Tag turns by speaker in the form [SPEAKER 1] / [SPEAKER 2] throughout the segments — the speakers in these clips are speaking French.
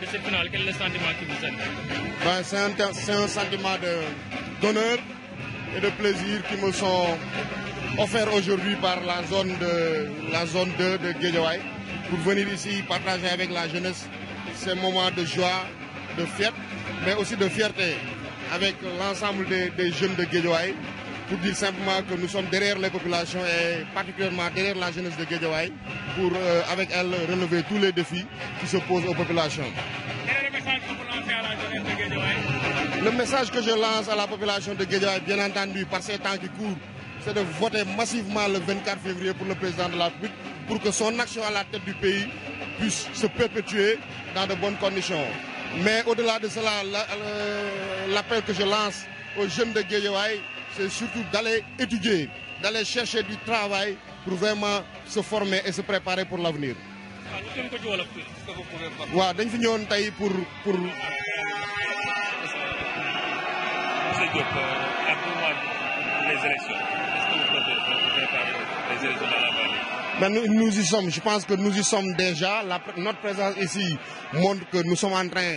[SPEAKER 1] quel le sentiment qui vous ben, C'est un, sentiment d'honneur et de plaisir qui me sont offerts aujourd'hui par la zone, de, la zone 2 de Guédiawaye pour venir ici partager avec la jeunesse ces moments de joie, de fierté mais aussi de fierté avec l'ensemble des, jeunes de Guédiawaye pour dire simplement que nous sommes derrière les populations et particulièrement derrière la jeunesse de Guédiawaye pour, euh, avec elle, relever tous les défis qui se posent aux populations. Le message que je lance à la population de Guédiouaï, bien entendu, par ces temps qui courent, c'est de voter massivement le 24 février pour le président de la République pour que son action à la tête du pays puisse se perpétuer dans de bonnes conditions. Mais au-delà de cela, l'appel que je lance aux jeunes de Guédiawaye, c'est surtout d'aller étudier, d'aller chercher du travail pour vraiment se former et se préparer pour l'avenir pour pour Mais ben, nous, y sommes, je pense que nous y sommes déjà. notre présence ici montre que nous sommes en train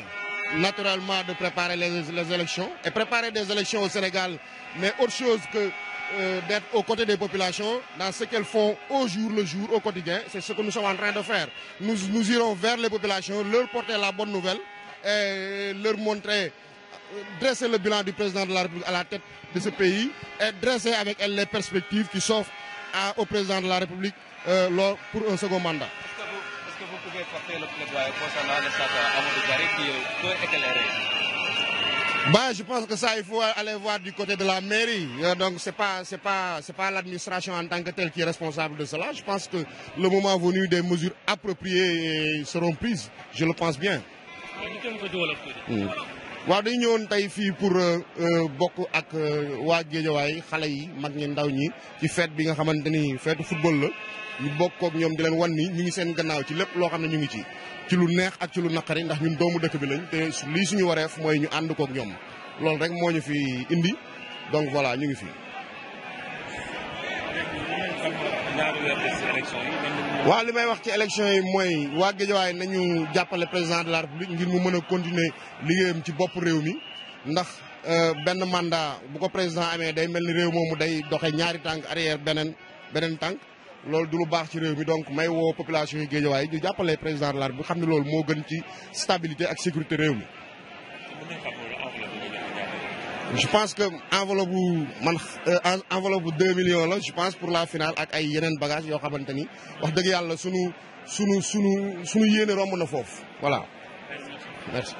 [SPEAKER 1] naturellement de préparer les, élections. Et préparer des élections au Sénégal, mais autre chose que euh, d'être aux côtés des populations, dans ce qu'elles font au jour le jour, au quotidien, c'est ce que nous sommes en train de faire. Nous, irons vers les populations, leur porter la bonne nouvelle et leur montrer euh, dresser le bilan du président de la République à la tête de ce pays et dresser avec elle les perspectives qui s'offrent au président de la République euh, pour un second mandat. Bah, je pense que ça, il faut aller voir du côté de la mairie. Euh, donc, c'est pas, pas, pas l'administration en tant que telle qui est responsable de cela. Je pense que le moment venu, des mesures appropriées seront prises. Je le pense bien. waaw dañu ñëwoon tey fii pour euh, euh, bokk ak euh, waa Géejawaay xale yi mag ñi ndaw ñi ci fête bi nga xamante ni feetu football la ñu bokk ak ñoom di leen wan ni ñu ngi seen gannaaw ci lépp loo xam ne ñu ngi ci. ci lu neex ak ci lu naqari ndax ñun doomu dëkk bi lañ te lii suñu wareef mooy ñu ànd kook ñoom loolu rek moo ñu fi indi donc voilà ñu ngi fi. waaw li may wax ci élection yi mooy waa Guédiawaye nañu jàppale président de la république ngir mu mën a continuer liggéeyam ci bopp réew mi ndax euh, benn mandat bu ko président amee day mel ni réew moomu day doxe ñaari tànk arrière beneen beneen tànk loolu du lu baax ci réew mi donc may woo population yi Guédiawaye ñu jàppalee président de la république xam ne loolu moo gën ci stabilité ak sécurité réew mi je pense que enveloppe bu man euh, enveloppe bu deux millions la je pense pour la finale ak ay yeneen bagage yoo xamante ni wax dëgg yàlla sunu sunu sunu sunu yéene romb na foofu voilà merci